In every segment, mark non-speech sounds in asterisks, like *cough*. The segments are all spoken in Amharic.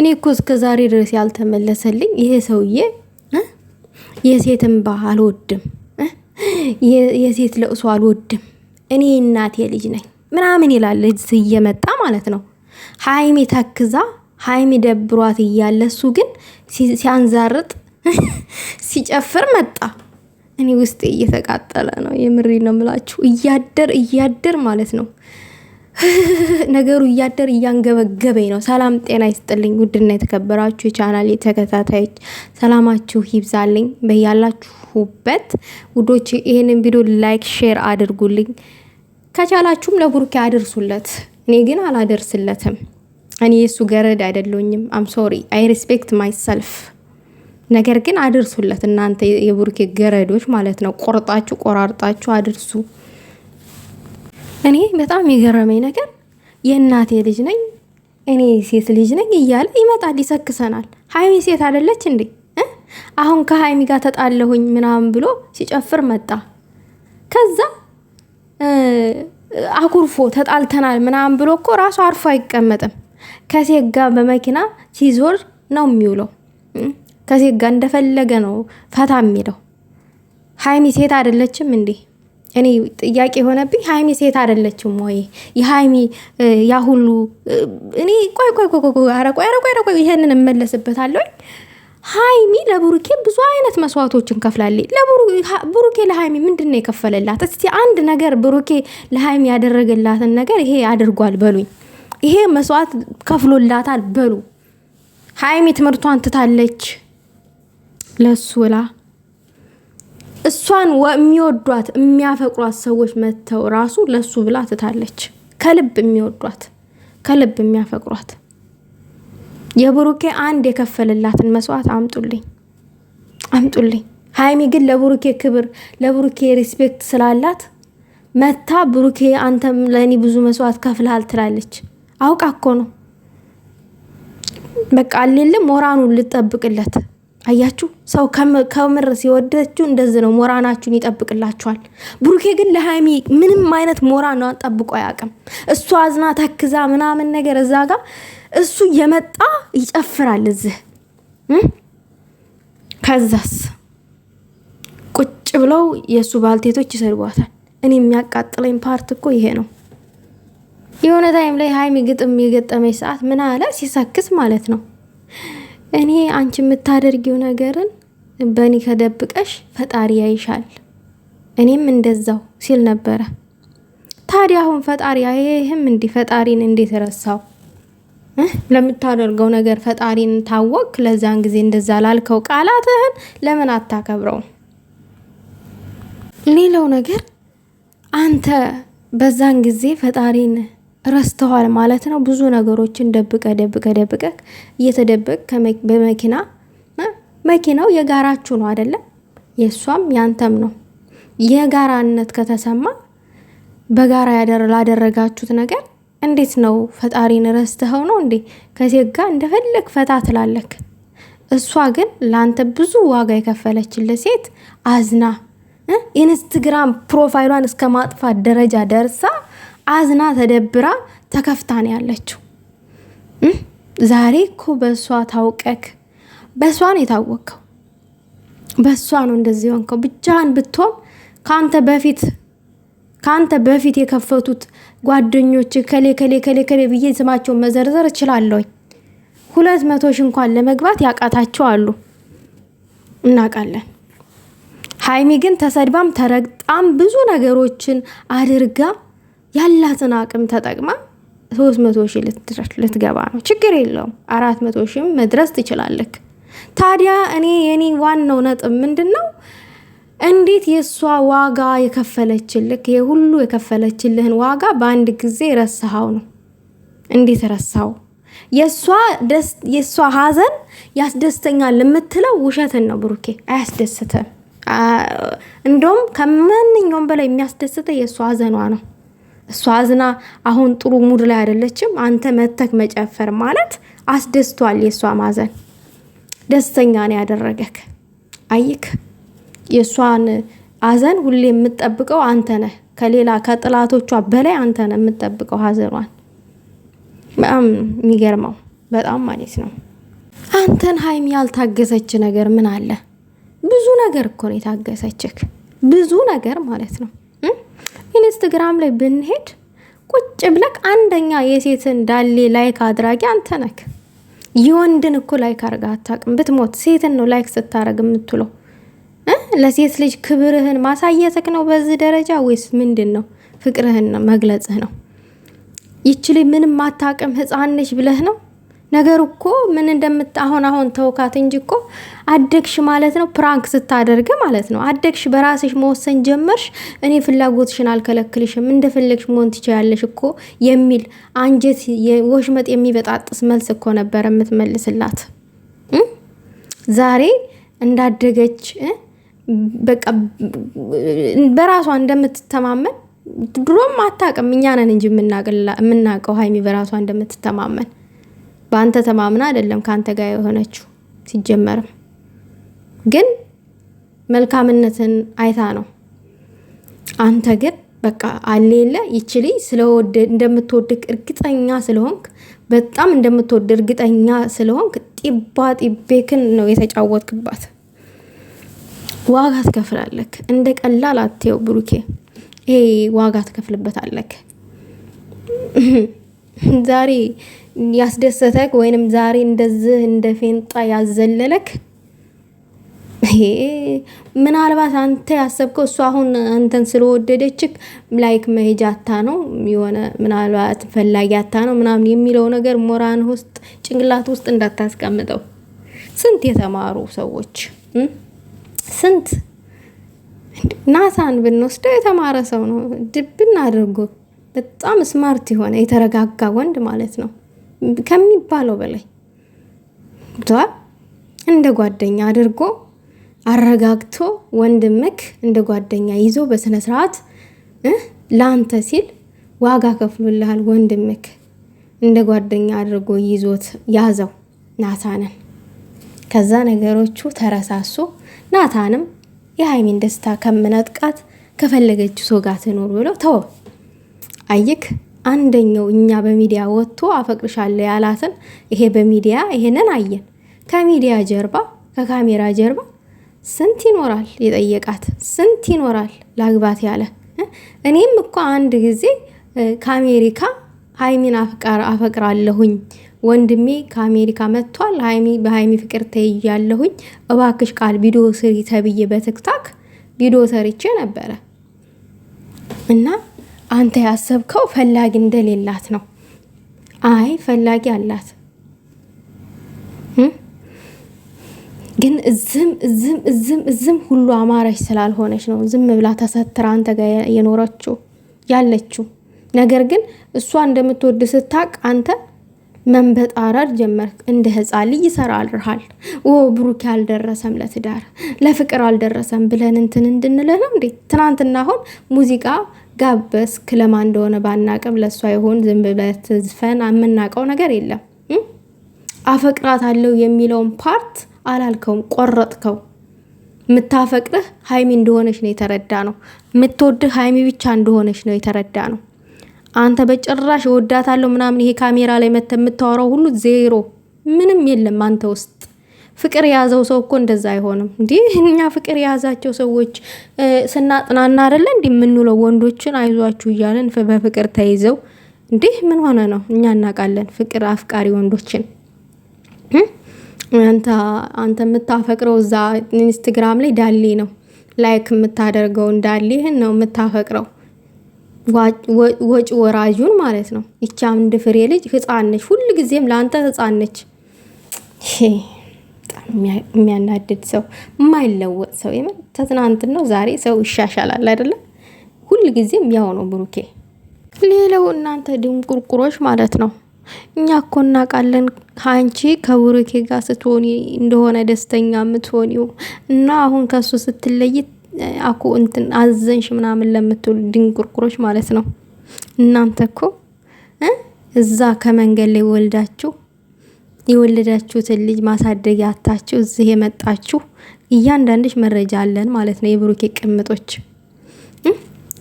እኔ እኮ እስከ ዛሬ ድረስ ያልተመለሰልኝ ይሄ ሰውዬ የሴትን እንባ አልወድም፣ የሴት ለቅሶ አልወድም፣ እኔ እናቴ ልጅ ነኝ ምናምን ይላል። ልጅ እየመጣ ማለት ነው ሀይሚ ተክዛ ሀይሚ ደብሯት እያለ እሱ ግን ሲያንዛርጥ ሲጨፍር መጣ። እኔ ውስጤ እየተቃጠለ ነው። የምሬ ነው ምላችሁ እያደር እያደር ማለት ነው *laughs* ነገሩ እያደር እያንገበገበኝ ነው። ሰላም ጤና ይስጥልኝ። ውድና የተከበራችሁ የቻናል ተከታታዮች ሰላማችሁ ይብዛልኝ በያላችሁበት። ውዶች ይህንን ቪዲዮ ላይክ፣ ሼር አድርጉልኝ። ከቻላችሁም ለቡርኬ አድርሱለት እኔ ግን አላደርስለትም። እኔ የእሱ ገረድ አይደለኝም። አም ሶሪ አይ ሪስፔክት ማይሰልፍ። ነገር ግን አድርሱለት እናንተ የቡርኬ ገረዶች ማለት ነው። ቆርጣችሁ ቆራርጣችሁ አድርሱ። እኔ በጣም የገረመኝ ነገር የእናቴ ልጅ ነኝ እኔ ሴት ልጅ ነኝ እያለ ይመጣል፣ ይሰክሰናል። ሀይሚ ሴት አደለች እንዴ? አሁን ከሀይሚ ጋር ተጣለሁኝ ምናምን ብሎ ሲጨፍር መጣ። ከዛ አኩርፎ ተጣልተናል ምናምን ብሎ እኮ ራሱ አርፎ አይቀመጥም። ከሴት ጋር በመኪና ሲዞር ነው የሚውለው። ከሴት ጋር እንደፈለገ ነው ፈታ የሚለው። ሀይሚ ሴት አይደለችም እንዴ? እኔ ጥያቄ የሆነብኝ ሀይሚ ሴት አይደለችም ወይ? የሀይሚ ያ ሁሉ እኔ ቆይ ቆይ ቆይ ቆይ ይሄንን እመለስበታለሁ። ሀይሚ ለቡሩኬ ብዙ አይነት መስዋዕቶችን ከፍላለች። ቡሩኬ ለሀይሚ ምንድን ነው የከፈለላት? እስቲ አንድ ነገር ብሩኬ ለሀይሚ ያደረገላትን ነገር ይሄ አድርጓል በሉኝ። ይሄ መስዋዕት ከፍሎላታል በሉ። ሀይሚ ትምህርቷን ትታለች ለሱ ብላ እሷን የሚወዷት የሚያፈቅሯት ሰዎች መጥተው ራሱ ለሱ ብላ ትታለች። ከልብ የሚወዷት ከልብ የሚያፈቅሯት የብሩኬ አንድ የከፈለላትን መስዋዕት አምጡልኝ አምጡልኝ። ሀይሚ ግን ለብሩኬ ክብር ለብሩኬ ሪስፔክት ስላላት መታ ብሩኬ አንተም ለእኔ ብዙ መስዋዕት ከፍልሃል ትላለች። አውቃ እኮ ነው በቃ አሌለም ሞራኑን ልጠብቅለት አያችሁ ሰው ከምር ሲወደችው እንደዚህ ነው። ሞራናችሁን ይጠብቅላችኋል። ብሩኬ ግን ለሀይሚ ምንም አይነት ሞራኗን ጠብቆ አያውቅም። እሱ አዝና ተክዛ ምናምን ነገር እዛ ጋር እሱ የመጣ ይጨፍራል እዚህ ከዛስ ቁጭ ብለው የእሱ ባልቴቶች ይሰድቧታል። እኔ የሚያቃጥለኝ ፓርት እኮ ይሄ ነው። የሆነ ታይም ላይ ሀይሚ ግጥም የገጠመች ሰዓት ምን አለ ሲሰክስ ማለት ነው እኔ አንቺ የምታደርጊው ነገርን በእኔ ከደብቀሽ ፈጣሪ ያይሻል፣ እኔም እንደዛው ሲል ነበረ። ታዲያ አሁን ፈጣሪ ይህም እንዲህ ፈጣሪን እንዴት ረሳው? ለምታደርገው ነገር ፈጣሪን ታወቅ። ለዛን ጊዜ እንደዛ ላልከው ቃላትህን ለምን አታከብረውም? ሌላው ነገር አንተ በዛን ጊዜ ፈጣሪን ረስተዋል ማለት ነው። ብዙ ነገሮችን ደብቀ ደብቀ ደብቀ እየተደበቅ በመኪና መኪናው የጋራችሁ ነው አይደለም፣ የእሷም ያንተም ነው። የጋራነት ከተሰማ በጋራ ላደረጋችሁት ነገር እንዴት ነው? ፈጣሪን ረስተኸው ነው እንዴ? ከሴት ጋር እንደፈለግ ፈታ ትላለክ። እሷ ግን ለአንተ ብዙ ዋጋ የከፈለችለ ሴት አዝና ኢንስትግራም ፕሮፋይሏን እስከ ማጥፋት ደረጃ ደርሳ አዝና ተደብራ ተከፍታ ነው ያለችው። ዛሬ እኮ በእሷ ታውቀክ፣ በእሷ ነው የታወቅከው፣ በእሷ ነው እንደዚህ ሆንከው። ብቻህን ብትሆን ከአንተ በፊት ከአንተ በፊት የከፈቱት ጓደኞች ከሌ ከሌ ከሌ ከሌ ብዬ ስማቸውን መዘርዘር እችላለሁኝ። ሁለት መቶ ሺህ እንኳን ለመግባት ያቃታቸው አሉ፣ እናውቃለን። ሀይሚ ግን ተሰድባም ተረግጣም ብዙ ነገሮችን አድርጋ ያላትን አቅም ተጠቅማ ሶስት መቶ ሺህ ልትገባ ነው። ችግር የለውም አራት መቶ ሺም መድረስ ትችላለክ። ታዲያ እኔ የኔ ዋናው ነጥብ ምንድን ነው? እንዴት የእሷ ዋጋ የከፈለችልህ የሁሉ የከፈለችልህን ዋጋ በአንድ ጊዜ ረሳኸው ነው? እንዴት ረሳው? የእሷ ሀዘን ያስደስተኛል የምትለው ውሸትን ነው ብሩኬ፣ አያስደስትም። እንደውም ከማንኛውም በላይ የሚያስደስተ የእሷ ሀዘኗ ነው። እሷ አዝና አሁን ጥሩ ሙድ ላይ አይደለችም። አንተ መተክ መጨፈር ማለት አስደስቷል። የእሷ ማዘን ደስተኛ ነው ያደረገክ። አይክ የእሷን አዘን ሁሌ የምጠብቀው አንተ ነህ። ከሌላ ከጥላቶቿ በላይ አንተ ነህ የምጠብቀው ሀዘኗን። በጣም የሚገርመው በጣም ማለት ነው። አንተን ሀይሚ ያልታገሰች ነገር ምን አለ? ብዙ ነገር እኮ ነው የታገሰችክ፣ ብዙ ነገር ማለት ነው። ኢንስትግራም ላይ ብንሄድ ቁጭ ብለክ አንደኛ የሴትን ዳሌ ላይክ አድራጊ አንተ ነክ። የወንድን እኮ ላይክ አርጋ አታውቅም። ብትሞት ሴትን ነው ላይክ ስታረግ የምትለው። ለሴት ልጅ ክብርህን ማሳየትክ ነው በዚህ ደረጃ ወይስ ምንድን ነው? ፍቅርህን መግለጽህ ነው። ይችል ምንም አታውቅም ህፃን ነሽ ብለህ ነው ነገር እኮ ምን እንደምት አሁን አሁን ተውካት እንጂ እኮ አደግሽ ማለት ነው። ፕራንክ ስታደርግ ማለት ነው አደግሽ፣ በራስሽ መወሰን ጀመርሽ። እኔ ፍላጎትሽን አልከለክልሽም፣ እንደፈለግሽ መሆን ትችያለሽ እኮ የሚል አንጀት ወሽመጥ የሚበጣጥስ መልስ እኮ ነበር የምትመልስላት። ዛሬ እንዳደገች በቃ በራሷ እንደምትተማመን ድሮም አታውቅም። እኛ ነን እንጂ የምናውቀው ሀይሚ በራሷ እንደምትተማመን በአንተ ተማምና አይደለም ከአንተ ጋር የሆነችው ሲጀመርም ግን መልካምነትን አይታ ነው። አንተ ግን በቃ አሌለ ይችል ስለወደ እንደምትወድቅ እርግጠኛ ስለሆንክ በጣም እንደምትወድ እርግጠኛ ስለሆንክ ጢባ ጢቤክን ነው የተጫወትክባት። ዋጋ ትከፍላለክ። እንደ ቀላል አትየው ብሩኬ፣ ይሄ ዋጋ ትከፍልበታለክ *laughs* ዛሬ ያስደሰተክ ወይንም ዛሬ እንደዚህ እንደ ፌንጣ ያዘለለክ ይሄ ምናልባት አንተ ያሰብከው እሱ አሁን አንተን ስለወደደችክ ላይክ መሄጃታ ነው የሆነ ምናልባት ፈላጊያታ ነው ምናምን የሚለው ነገር ሞራን ውስጥ ጭንቅላት ውስጥ እንዳታስቀምጠው። ስንት የተማሩ ሰዎች ስንት ናሳን ብንወስደው የተማረ ሰው ነው፣ ድብን አድርጎ በጣም ስማርት የሆነ የተረጋጋ ወንድ ማለት ነው። ከሚባለው በላይ እንደ ጓደኛ አድርጎ አረጋግቶ ወንድምክ እንደ ጓደኛ ይዞ በስነ ስርዓት ለአንተ ሲል ዋጋ ከፍሎልሃል። ወንድምክ እንደ ጓደኛ አድርጎ ይዞት ያዘው ናታንን። ከዛ ነገሮቹ ተረሳሱ። ናታንም የሀይሚን ደስታ ከምነጥቃት ከፈለገችው ሰው ጋር ትኖር ብለው አይክ አንደኛው እኛ በሚዲያ ወጥቶ አፈቅርሻለሁ ያላትን ይሄ በሚዲያ ይሄንን አየን። ከሚዲያ ጀርባ ከካሜራ ጀርባ ስንት ይኖራል የጠየቃት፣ ስንት ይኖራል ላግባት ያለ። እኔም እኮ አንድ ጊዜ ከአሜሪካ ሀይሚን አፈቅራለሁኝ ወንድሜ ከአሜሪካ መጥቷል፣ ሀይሚ በሀይሚ ፍቅር ተይያለሁኝ፣ እባክሽ ቃል ቪዲዮ ስሪ ተብዬ በትክታክ ቪዲዮ ሰርቼ ነበረ እና አንተ ያሰብከው ፈላጊ እንደሌላት ነው። አይ ፈላጊ አላት፣ ግን እዝም እዝም እዝም እዝም ሁሉ አማረች ስላልሆነች ነው ዝም ብላ ተሰትራ አንተ ጋር የኖረችው ያለችው። ነገር ግን እሷ እንደምትወድ ስታቅ አንተ መንበጣረር ጀመርክ። እንደ ሕፃን ልጅ ይሰራ አልርሃል። ኦ ብሩኬ አልደረሰም ለትዳር ለፍቅር አልደረሰም ብለን እንትን እንድንለ ነው እንዴ? ትናንትና አሁን ሙዚቃ ጋበስክ ለማ እንደሆነ ባናቅም ለእሷ ይሆን ዝም ብለህ ትዝፈን። የምናውቀው ነገር የለም። አፈቅራት አለው የሚለውን ፓርት አላልከውም፣ ቆረጥከው። የምታፈቅርህ ሀይሚ እንደሆነች ነው የተረዳ ነው። የምትወድህ ሀይሚ ብቻ እንደሆነች ነው የተረዳ ነው። አንተ በጭራሽ እወዳታለሁ ምናምን ይሄ ካሜራ ላይ መተ የምታወራው ሁሉ ዜሮ፣ ምንም የለም አንተ ውስጥ ፍቅር የያዘው ሰው እኮ እንደዛ አይሆንም። እንዲህ እኛ ፍቅር የያዛቸው ሰዎች ስናጥናና አደለ እንዲ የምንውለው ወንዶችን አይዟችሁ እያለን በፍቅር ተይዘው እንዲህ ምን ሆነ ነው? እኛ እናውቃለን ፍቅር አፍቃሪ ወንዶችን አንተ አንተ የምታፈቅረው እዛ ኢንስትግራም ላይ ዳሌ ነው ላይክ የምታደርገው እንዳሌህን ነው የምታፈቅረው፣ ወጪ ወራጁን ማለት ነው። ይቻ አንድ ፍሬ ልጅ ህፃን ነች፣ ጊዜም ለአንተ ህፃን ነች። የሚያናድድ ሰው፣ የማይለወጥ ሰው የምን ተትናንት ነው ዛሬ ሰው ይሻሻላል አይደለም። ሁል ጊዜም ያው ነው ብሩኬ። ሌላው እናንተ ድንቁርቁሮች ማለት ነው። እኛ እኮ እናውቃለን አንቺ ከብሩኬ ጋር ስትሆኒ እንደሆነ ደስተኛ የምትሆኒው እና አሁን ከሱ ስትለይ አኮ እንትን አዘንሽ ምናምን ለምትሉ ድንቁርቁሮች ማለት ነው። እናንተ እኮ እዛ ከመንገድ ላይ ወልዳችሁ የወለዳችሁትን ልጅ ማሳደግ ያታችሁ እዚህ የመጣችሁ እያንዳንድሽ መረጃ አለን ማለት ነው። የብሩኬ ቅምጦች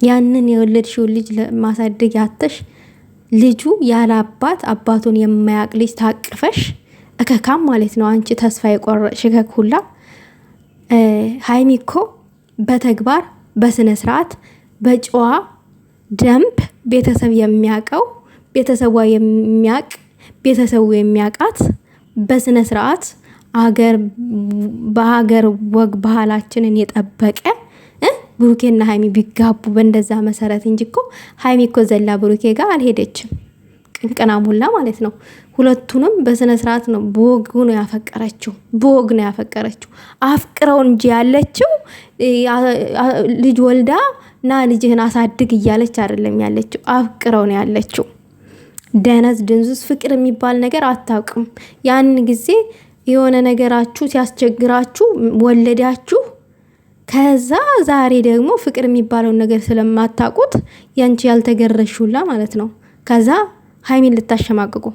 ያንን የወለድሽውን ልጅ ማሳደግ ያተሽ ልጁ ያለ አባት አባቱን የማያቅ ልጅ ታቅፈሽ እከካም ማለት ነው። አንቺ ተስፋ የቆረጥሽ እከክ ሁላ ሀይሚ እኮ በተግባር በስነ ስርዓት በጨዋ ደንብ ቤተሰብ የሚያቀው ቤተሰቧ የሚያቅ ቤተሰቡ የሚያውቃት በስነ ስርዓት አገር በሀገር ወግ ባህላችንን የጠበቀ ብሩኬና ሀይሚ ቢጋቡ በእንደዛ መሰረት እንጂ እኮ ሀይሚ እኮ ዘላ ብሩኬ ጋር አልሄደችም። ቅንቅና ሙላ ማለት ነው። ሁለቱንም በስነ ስርዓት ነው በወግ ነው ያፈቀረችው፣ በወግ ነው ያፈቀረችው። አፍቅረው እንጂ ያለችው ልጅ ወልዳ ና ልጅህን አሳድግ እያለች አይደለም ያለችው፣ አፍቅረው ነው ያለችው። ደነዝ ድንዙስ ፍቅር የሚባል ነገር አታውቅም። ያን ጊዜ የሆነ ነገራችሁ ሲያስቸግራችሁ ወለዳችሁ። ከዛ ዛሬ ደግሞ ፍቅር የሚባለውን ነገር ስለማታውቁት ያንቺ ያልተገረሹላ ማለት ነው። ከዛ ሀይሚን ልታሸማቅቁ